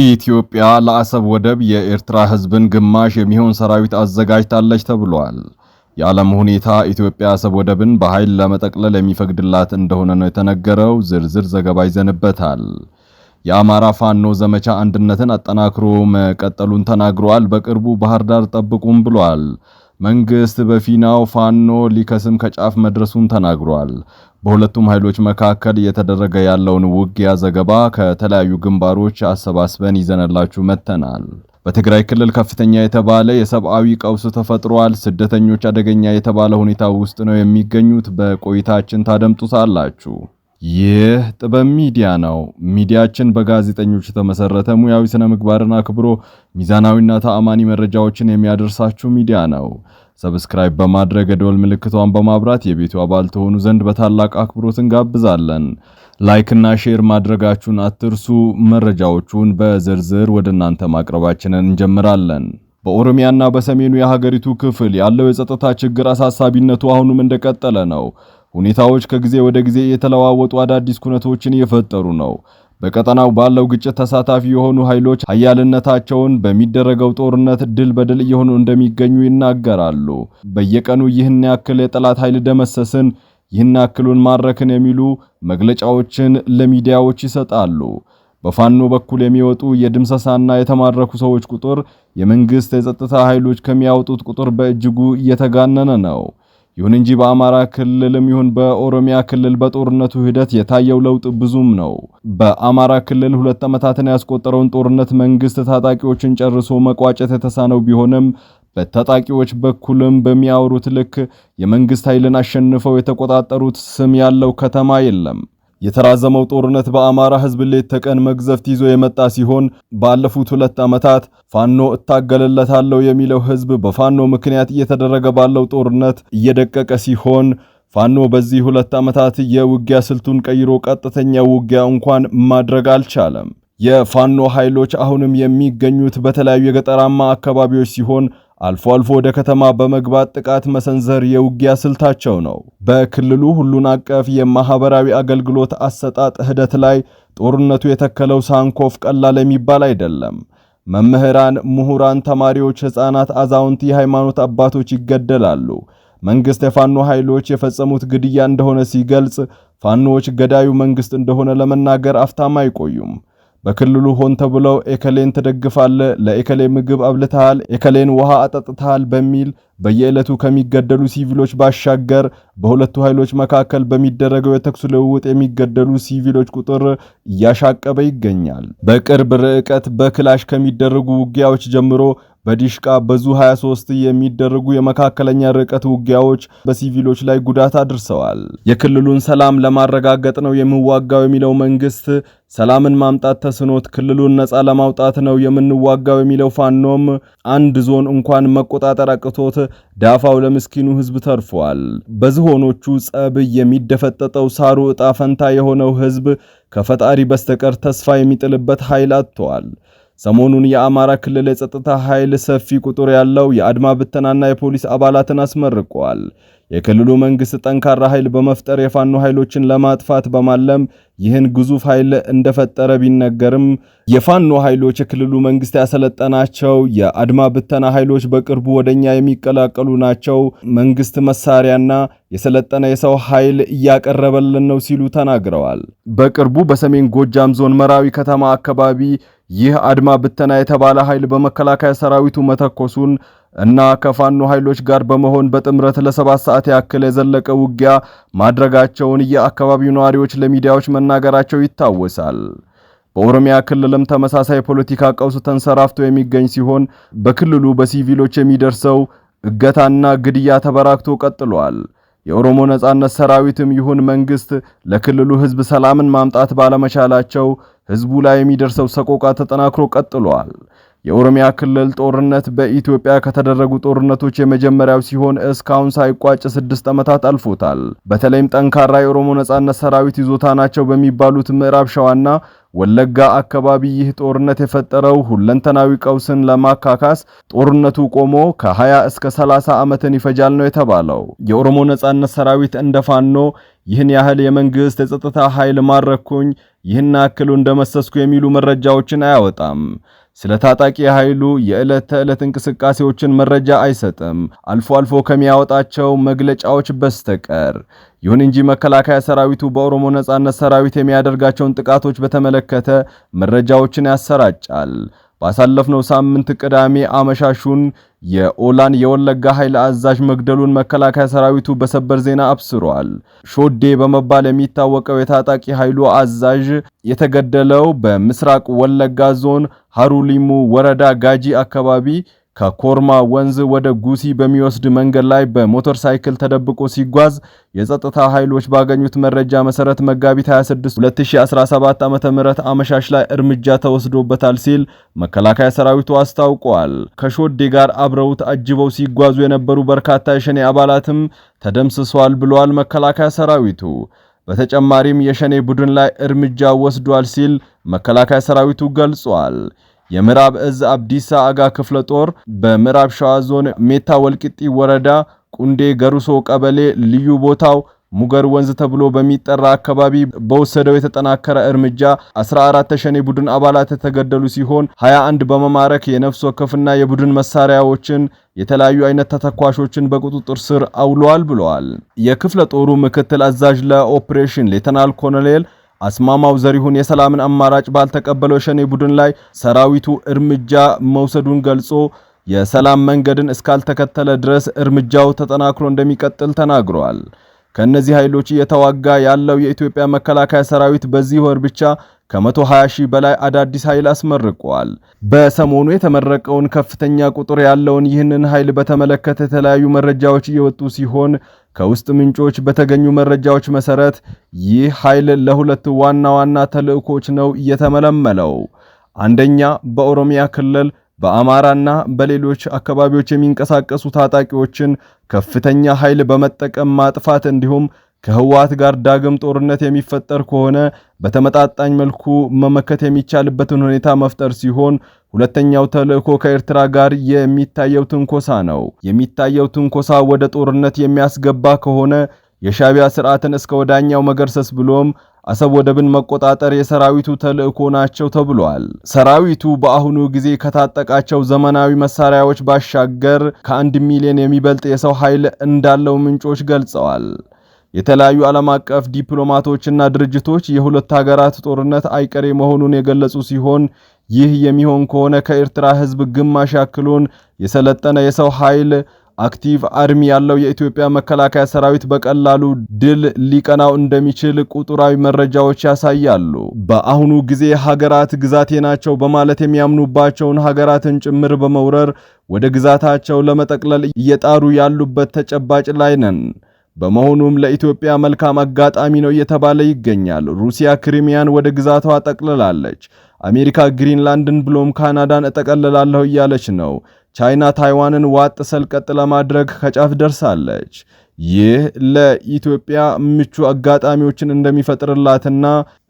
ኢትዮጵያ ለአሰብ ወደብ የኤርትራ ህዝብን ግማሽ የሚሆን ሰራዊት አዘጋጅታለች ተብሏል። የዓለም ሁኔታ ኢትዮጵያ አሰብ ወደብን በኃይል ለመጠቅለል የሚፈቅድላት እንደሆነ ነው የተነገረው። ዝርዝር ዘገባ ይዘንበታል። የአማራ ፋኖ ዘመቻ አንድነትን አጠናክሮ መቀጠሉን ተናግሯል። በቅርቡ ባህር ዳር ጠብቁም ብሏል። መንግስት በፊናው ፋኖ ሊከስም ከጫፍ መድረሱን ተናግሯል። በሁለቱም ኃይሎች መካከል እየተደረገ ያለውን ውጊያ ዘገባ ከተለያዩ ግንባሮች አሰባስበን ይዘንላችሁ መጥተናል። በትግራይ ክልል ከፍተኛ የተባለ የሰብአዊ ቀውስ ተፈጥሯል። ስደተኞች አደገኛ የተባለ ሁኔታ ውስጥ ነው የሚገኙት። በቆይታችን ታደምጡታላችሁ። ይህ ጥበብ ሚዲያ ነው። ሚዲያችን በጋዜጠኞች የተመሰረተ ሙያዊ ስነ ምግባርን አክብሮ ሚዛናዊና ተአማኒ መረጃዎችን የሚያደርሳችሁ ሚዲያ ነው። ሰብስክራይብ በማድረግ የደወል ምልክቷን በማብራት የቤቱ አባል ተሆኑ ዘንድ በታላቅ አክብሮት እንጋብዛለን። ላይክና ሼር ማድረጋችሁን አትርሱ። መረጃዎቹን በዝርዝር ወደ እናንተ ማቅረባችንን እንጀምራለን። በኦሮሚያና በሰሜኑ የሀገሪቱ ክፍል ያለው የጸጥታ ችግር አሳሳቢነቱ አሁንም እንደቀጠለ ነው። ሁኔታዎች ከጊዜ ወደ ጊዜ የተለዋወጡ አዳዲስ ኩነቶችን እየፈጠሩ ነው። በቀጠናው ባለው ግጭት ተሳታፊ የሆኑ ኃይሎች ሀያልነታቸውን በሚደረገው ጦርነት ድል በድል እየሆኑ እንደሚገኙ ይናገራሉ። በየቀኑ ይህን ያክል የጠላት ኃይል ደመሰስን፣ ይህን ያክሉን ማረክን የሚሉ መግለጫዎችን ለሚዲያዎች ይሰጣሉ። በፋኖ በኩል የሚወጡ የድምሰሳና የተማረኩ ሰዎች ቁጥር የመንግስት የጸጥታ ኃይሎች ከሚያወጡት ቁጥር በእጅጉ እየተጋነነ ነው። ይሁን እንጂ በአማራ ክልልም ይሁን በኦሮሚያ ክልል በጦርነቱ ሂደት የታየው ለውጥ ብዙም ነው። በአማራ ክልል ሁለት ዓመታትን ያስቆጠረውን ጦርነት መንግስት ታጣቂዎችን ጨርሶ መቋጨት የተሳነው ቢሆንም በታጣቂዎች በኩልም በሚያወሩት ልክ የመንግስት ኃይልን አሸንፈው የተቆጣጠሩት ስም ያለው ከተማ የለም። የተራዘመው ጦርነት በአማራ ህዝብ ሌት ተቀን መግዘፍት ይዞ የመጣ ሲሆን ባለፉት ሁለት ዓመታት ፋኖ እታገለለታለሁ የሚለው ህዝብ በፋኖ ምክንያት እየተደረገ ባለው ጦርነት እየደቀቀ ሲሆን ፋኖ በዚህ ሁለት ዓመታት የውጊያ ስልቱን ቀይሮ ቀጥተኛ ውጊያ እንኳን ማድረግ አልቻለም። የፋኖ ኃይሎች አሁንም የሚገኙት በተለያዩ የገጠራማ አካባቢዎች ሲሆን አልፎ አልፎ ወደ ከተማ በመግባት ጥቃት መሰንዘር የውጊያ ስልታቸው ነው። በክልሉ ሁሉን አቀፍ የማህበራዊ አገልግሎት አሰጣጥ ሂደት ላይ ጦርነቱ የተከለው ሳንኮፍ ቀላል የሚባል አይደለም። መምህራን፣ ምሁራን፣ ተማሪዎች፣ ሕፃናት፣ አዛውንት፣ የሃይማኖት አባቶች ይገደላሉ። መንግስት የፋኖ ኃይሎች የፈጸሙት ግድያ እንደሆነ ሲገልጽ፣ ፋኖዎች ገዳዩ መንግስት እንደሆነ ለመናገር አፍታም አይቆዩም። በክልሉ ሆን ተብለው ኤከሌን ትደግፋለ፣ ለኤከሌ ምግብ አብልተሃል፣ ኤከሌን ውሃ አጠጥተሃል በሚል በየዕለቱ ከሚገደሉ ሲቪሎች ባሻገር በሁለቱ ኃይሎች መካከል በሚደረገው የተኩስ ልውውጥ የሚገደሉ ሲቪሎች ቁጥር እያሻቀበ ይገኛል። በቅርብ ርዕቀት በክላሽ ከሚደረጉ ውጊያዎች ጀምሮ በዲሽቃ በዙ 23 የሚደረጉ የመካከለኛ ርቀት ውጊያዎች በሲቪሎች ላይ ጉዳት አድርሰዋል። የክልሉን ሰላም ለማረጋገጥ ነው የምዋጋው የሚለው መንግስት ሰላምን ማምጣት ተስኖት ክልሉን ነጻ ለማውጣት ነው የምንዋጋው የሚለው ፋኖም አንድ ዞን እንኳን መቆጣጠር አቅቶት ዳፋው ለምስኪኑ ህዝብ ተርፏል። በዝሆኖቹ ጸብ የሚደፈጠጠው ሳሩ እጣ ፈንታ የሆነው ህዝብ ከፈጣሪ በስተቀር ተስፋ የሚጥልበት ኃይል አጥቷል። ሰሞኑን የአማራ ክልል የጸጥታ ኃይል ሰፊ ቁጥር ያለው የአድማ ብተናና የፖሊስ አባላትን አስመርቋል። የክልሉ መንግስት ጠንካራ ኃይል በመፍጠር የፋኖ ኃይሎችን ለማጥፋት በማለም ይህን ግዙፍ ኃይል እንደፈጠረ ቢነገርም የፋኖ ኃይሎች የክልሉ መንግስት ያሰለጠናቸው የአድማ ብተና ኃይሎች በቅርቡ ወደኛ የሚቀላቀሉ ናቸው፣ መንግስት መሳሪያና የሰለጠነ የሰው ኃይል እያቀረበልን ነው ሲሉ ተናግረዋል። በቅርቡ በሰሜን ጎጃም ዞን መራዊ ከተማ አካባቢ ይህ አድማ ብተና የተባለ ኃይል በመከላከያ ሰራዊቱ መተኮሱን እና ከፋኖ ኃይሎች ጋር በመሆን በጥምረት ለሰባት ሰዓት ያክል የዘለቀ ውጊያ ማድረጋቸውን የአካባቢው ነዋሪዎች ለሚዲያዎች መናገር መናገራቸው ይታወሳል። በኦሮሚያ ክልልም ተመሳሳይ ፖለቲካ ቀውስ ተንሰራፍቶ የሚገኝ ሲሆን በክልሉ በሲቪሎች የሚደርሰው እገታና ግድያ ተበራክቶ ቀጥሏል። የኦሮሞ ነጻነት ሰራዊትም ይሁን መንግስት ለክልሉ ህዝብ ሰላምን ማምጣት ባለመቻላቸው ህዝቡ ላይ የሚደርሰው ሰቆቃ ተጠናክሮ ቀጥሏል። የኦሮሚያ ክልል ጦርነት በኢትዮጵያ ከተደረጉ ጦርነቶች የመጀመሪያው ሲሆን እስካሁን ሳይቋጭ ስድስት ዓመታት አልፎታል። በተለይም ጠንካራ የኦሮሞ ነጻነት ሰራዊት ይዞታ ናቸው በሚባሉት ምዕራብ ሸዋና ወለጋ አካባቢ ይህ ጦርነት የፈጠረው ሁለንተናዊ ቀውስን ለማካካስ ጦርነቱ ቆሞ ከ20 እስከ 30 ዓመትን ይፈጃል ነው የተባለው። የኦሮሞ ነጻነት ሰራዊት እንደ ፋኖ ይህን ያህል የመንግስት የጸጥታ ኃይል ማረኩኝ፣ ይህን አክሉ እንደመሰስኩ የሚሉ መረጃዎችን አያወጣም። ስለ ታጣቂ ኃይሉ የዕለት ተዕለት እንቅስቃሴዎችን መረጃ አይሰጥም፣ አልፎ አልፎ ከሚያወጣቸው መግለጫዎች በስተቀር። ይሁን እንጂ መከላከያ ሰራዊቱ በኦሮሞ ነጻነት ሰራዊት የሚያደርጋቸውን ጥቃቶች በተመለከተ መረጃዎችን ያሰራጫል። ባሳለፍነው ሳምንት ቅዳሜ አመሻሹን የኦላን የወለጋ ኃይል አዛዥ መግደሉን መከላከያ ሰራዊቱ በሰበር ዜና አብስሯል። ሾዴ በመባል የሚታወቀው የታጣቂ ኃይሉ አዛዥ የተገደለው በምስራቅ ወለጋ ዞን ሃሩሊሙ ወረዳ ጋጂ አካባቢ ከኮርማ ወንዝ ወደ ጉሲ በሚወስድ መንገድ ላይ በሞተር ሳይክል ተደብቆ ሲጓዝ የጸጥታ ኃይሎች ባገኙት መረጃ መሰረት መጋቢት 26 2017 ዓ.ም አመሻሽ ላይ እርምጃ ተወስዶበታል ሲል መከላከያ ሰራዊቱ አስታውቋል። ከሾዴ ጋር አብረውት አጅበው ሲጓዙ የነበሩ በርካታ የሸኔ አባላትም ተደምስሷል ብሏል መከላከያ ሰራዊቱ። በተጨማሪም የሸኔ ቡድን ላይ እርምጃ ወስዷል ሲል መከላከያ ሰራዊቱ ገልጿል። የምዕራብ እዝ አብዲሳ አጋ ክፍለ ጦር በምዕራብ ሸዋ ዞን ሜታ ወልቂጢ ወረዳ ቁንዴ ገሩሶ ቀበሌ ልዩ ቦታው ሙገር ወንዝ ተብሎ በሚጠራ አካባቢ በወሰደው የተጠናከረ እርምጃ 14 ተሸኔ ቡድን አባላት የተገደሉ ሲሆን 21 በመማረክ የነፍስ ወከፍና የቡድን መሳሪያዎችን የተለያዩ አይነት ተተኳሾችን በቁጥጥር ስር አውሏል ብለዋል። የክፍለ ጦሩ ምክትል አዛዥ ለኦፕሬሽን ሌተናል ኮሎኔል አስማማው ዘሪሁን የሰላምን አማራጭ ባልተቀበለው ሸኔ ቡድን ላይ ሰራዊቱ እርምጃ መውሰዱን ገልጾ የሰላም መንገድን እስካልተከተለ ድረስ እርምጃው ተጠናክሮ እንደሚቀጥል ተናግሯል። ከነዚህ ኃይሎች እየተዋጋ ያለው የኢትዮጵያ መከላከያ ሰራዊት በዚህ ወር ብቻ ከ120 ሺህ በላይ አዳዲስ ኃይል አስመርቋል። በሰሞኑ የተመረቀውን ከፍተኛ ቁጥር ያለውን ይህንን ኃይል በተመለከተ የተለያዩ መረጃዎች እየወጡ ሲሆን ከውስጥ ምንጮች በተገኙ መረጃዎች መሰረት ይህ ኃይል ለሁለት ዋና ዋና ተልዕኮች ነው የተመለመለው። አንደኛ በኦሮሚያ ክልል በአማራና በሌሎች አካባቢዎች የሚንቀሳቀሱ ታጣቂዎችን ከፍተኛ ኃይል በመጠቀም ማጥፋት እንዲሁም ከህወሓት ጋር ዳግም ጦርነት የሚፈጠር ከሆነ በተመጣጣኝ መልኩ መመከት የሚቻልበትን ሁኔታ መፍጠር ሲሆን ሁለተኛው ተልእኮ ከኤርትራ ጋር የሚታየው ትንኮሳ ነው። የሚታየው ትንኮሳ ወደ ጦርነት የሚያስገባ ከሆነ የሻቢያ ስርዓትን እስከ ወዳኛው መገርሰስ ብሎም አሰብ ወደብን መቆጣጠር የሰራዊቱ ተልእኮ ናቸው ተብሏል። ሰራዊቱ በአሁኑ ጊዜ ከታጠቃቸው ዘመናዊ መሳሪያዎች ባሻገር ከአንድ ሚሊዮን የሚበልጥ የሰው ኃይል እንዳለው ምንጮች ገልጸዋል። የተለያዩ ዓለም አቀፍ ዲፕሎማቶችና ድርጅቶች የሁለት ሀገራት ጦርነት አይቀሬ መሆኑን የገለጹ ሲሆን ይህ የሚሆን ከሆነ ከኤርትራ ሕዝብ ግማሽ ያክሉን የሰለጠነ የሰው ኃይል አክቲቭ አርሚ ያለው የኢትዮጵያ መከላከያ ሰራዊት በቀላሉ ድል ሊቀናው እንደሚችል ቁጥራዊ መረጃዎች ያሳያሉ። በአሁኑ ጊዜ ሀገራት ግዛቴ ናቸው በማለት የሚያምኑባቸውን ሀገራትን ጭምር በመውረር ወደ ግዛታቸው ለመጠቅለል እየጣሩ ያሉበት ተጨባጭ ላይ ነን። በመሆኑም ለኢትዮጵያ መልካም አጋጣሚ ነው እየተባለ ይገኛል። ሩሲያ ክሪሚያን ወደ ግዛቷ ጠቅልላለች። አሜሪካ ግሪንላንድን ብሎም ካናዳን እጠቀልላለሁ እያለች ነው። ቻይና ታይዋንን ዋጥ ሰልቀጥ ለማድረግ ከጫፍ ደርሳለች። ይህ ለኢትዮጵያ ምቹ አጋጣሚዎችን እንደሚፈጥርላትና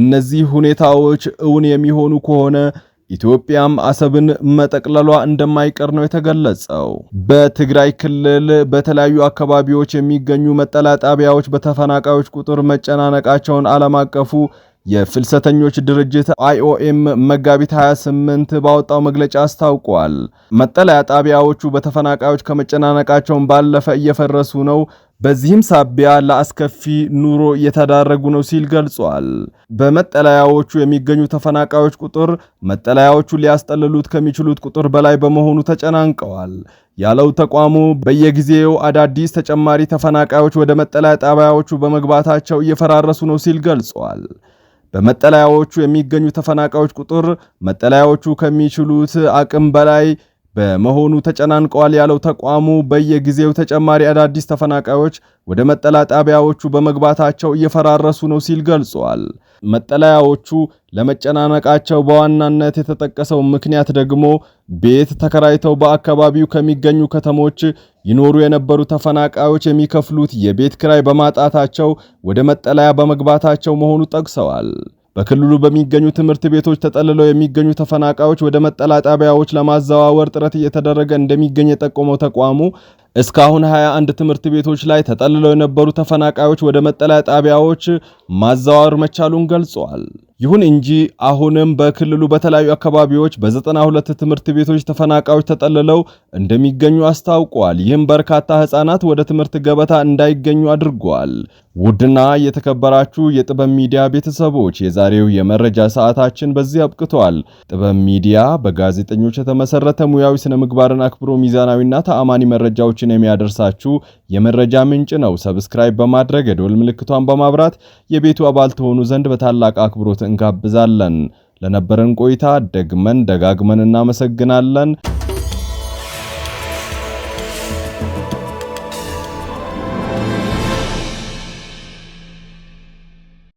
እነዚህ ሁኔታዎች እውን የሚሆኑ ከሆነ ኢትዮጵያም አሰብን መጠቅለሏ እንደማይቀር ነው የተገለጸው። በትግራይ ክልል በተለያዩ አካባቢዎች የሚገኙ መጠለያ ጣቢያዎች በተፈናቃዮች ቁጥር መጨናነቃቸውን ዓለም አቀፉ የፍልሰተኞች ድርጅት አይኦኤም መጋቢት 28 ባወጣው መግለጫ አስታውቋል። መጠለያ ጣቢያዎቹ በተፈናቃዮች ከመጨናነቃቸውን ባለፈ እየፈረሱ ነው፣ በዚህም ሳቢያ ለአስከፊ ኑሮ እየተዳረጉ ነው ሲል ገልጿል። በመጠለያዎቹ የሚገኙ ተፈናቃዮች ቁጥር መጠለያዎቹ ሊያስጠልሉት ከሚችሉት ቁጥር በላይ በመሆኑ ተጨናንቀዋል ያለው ተቋሙ በየጊዜው አዳዲስ ተጨማሪ ተፈናቃዮች ወደ መጠለያ ጣቢያዎቹ በመግባታቸው እየፈራረሱ ነው ሲል ገልጿል። በመጠለያዎቹ የሚገኙ ተፈናቃዮች ቁጥር መጠለያዎቹ ከሚችሉት አቅም በላይ በመሆኑ ተጨናንቀዋል ያለው ተቋሙ በየጊዜው ተጨማሪ አዳዲስ ተፈናቃዮች ወደ መጠለያ ጣቢያዎቹ በመግባታቸው እየፈራረሱ ነው ሲል ገልጿል። መጠለያዎቹ ለመጨናነቃቸው በዋናነት የተጠቀሰው ምክንያት ደግሞ ቤት ተከራይተው በአካባቢው ከሚገኙ ከተሞች ይኖሩ የነበሩ ተፈናቃዮች የሚከፍሉት የቤት ክራይ በማጣታቸው ወደ መጠለያ በመግባታቸው መሆኑ ጠቅሰዋል። በክልሉ በሚገኙ ትምህርት ቤቶች ተጠልለው የሚገኙ ተፈናቃዮች ወደ መጠለያ ጣቢያዎች ለማዘዋወር ጥረት እየተደረገ እንደሚገኝ የጠቆመው ተቋሙ እስካሁን 21 ትምህርት ቤቶች ላይ ተጠልለው የነበሩ ተፈናቃዮች ወደ መጠለያ ጣቢያዎች ማዘዋወር መቻሉን ገልጿል። ይሁን እንጂ አሁንም በክልሉ በተለያዩ አካባቢዎች በዘጠና 92 ትምህርት ቤቶች ተፈናቃዮች ተጠልለው እንደሚገኙ አስታውቋል። ይህም በርካታ ሕፃናት ወደ ትምህርት ገበታ እንዳይገኙ አድርጓል። ውድና የተከበራችሁ የጥበብ ሚዲያ ቤተሰቦች የዛሬው የመረጃ ሰዓታችን በዚህ አብቅቷል። ጥበብ ሚዲያ በጋዜጠኞች የተመሰረተ ሙያዊ ስነ ምግባርን አክብሮ ሚዛናዊና ተአማኒ መረጃዎችን የሚያደርሳችሁ የመረጃ ምንጭ ነው። ሰብስክራይብ በማድረግ የደወል ምልክቷን በማብራት የቤቱ አባል ተሆኑ ዘንድ በታላቅ አክብሮት እንጋብዛለን። ለነበረን ቆይታ ደግመን ደጋግመን እናመሰግናለን።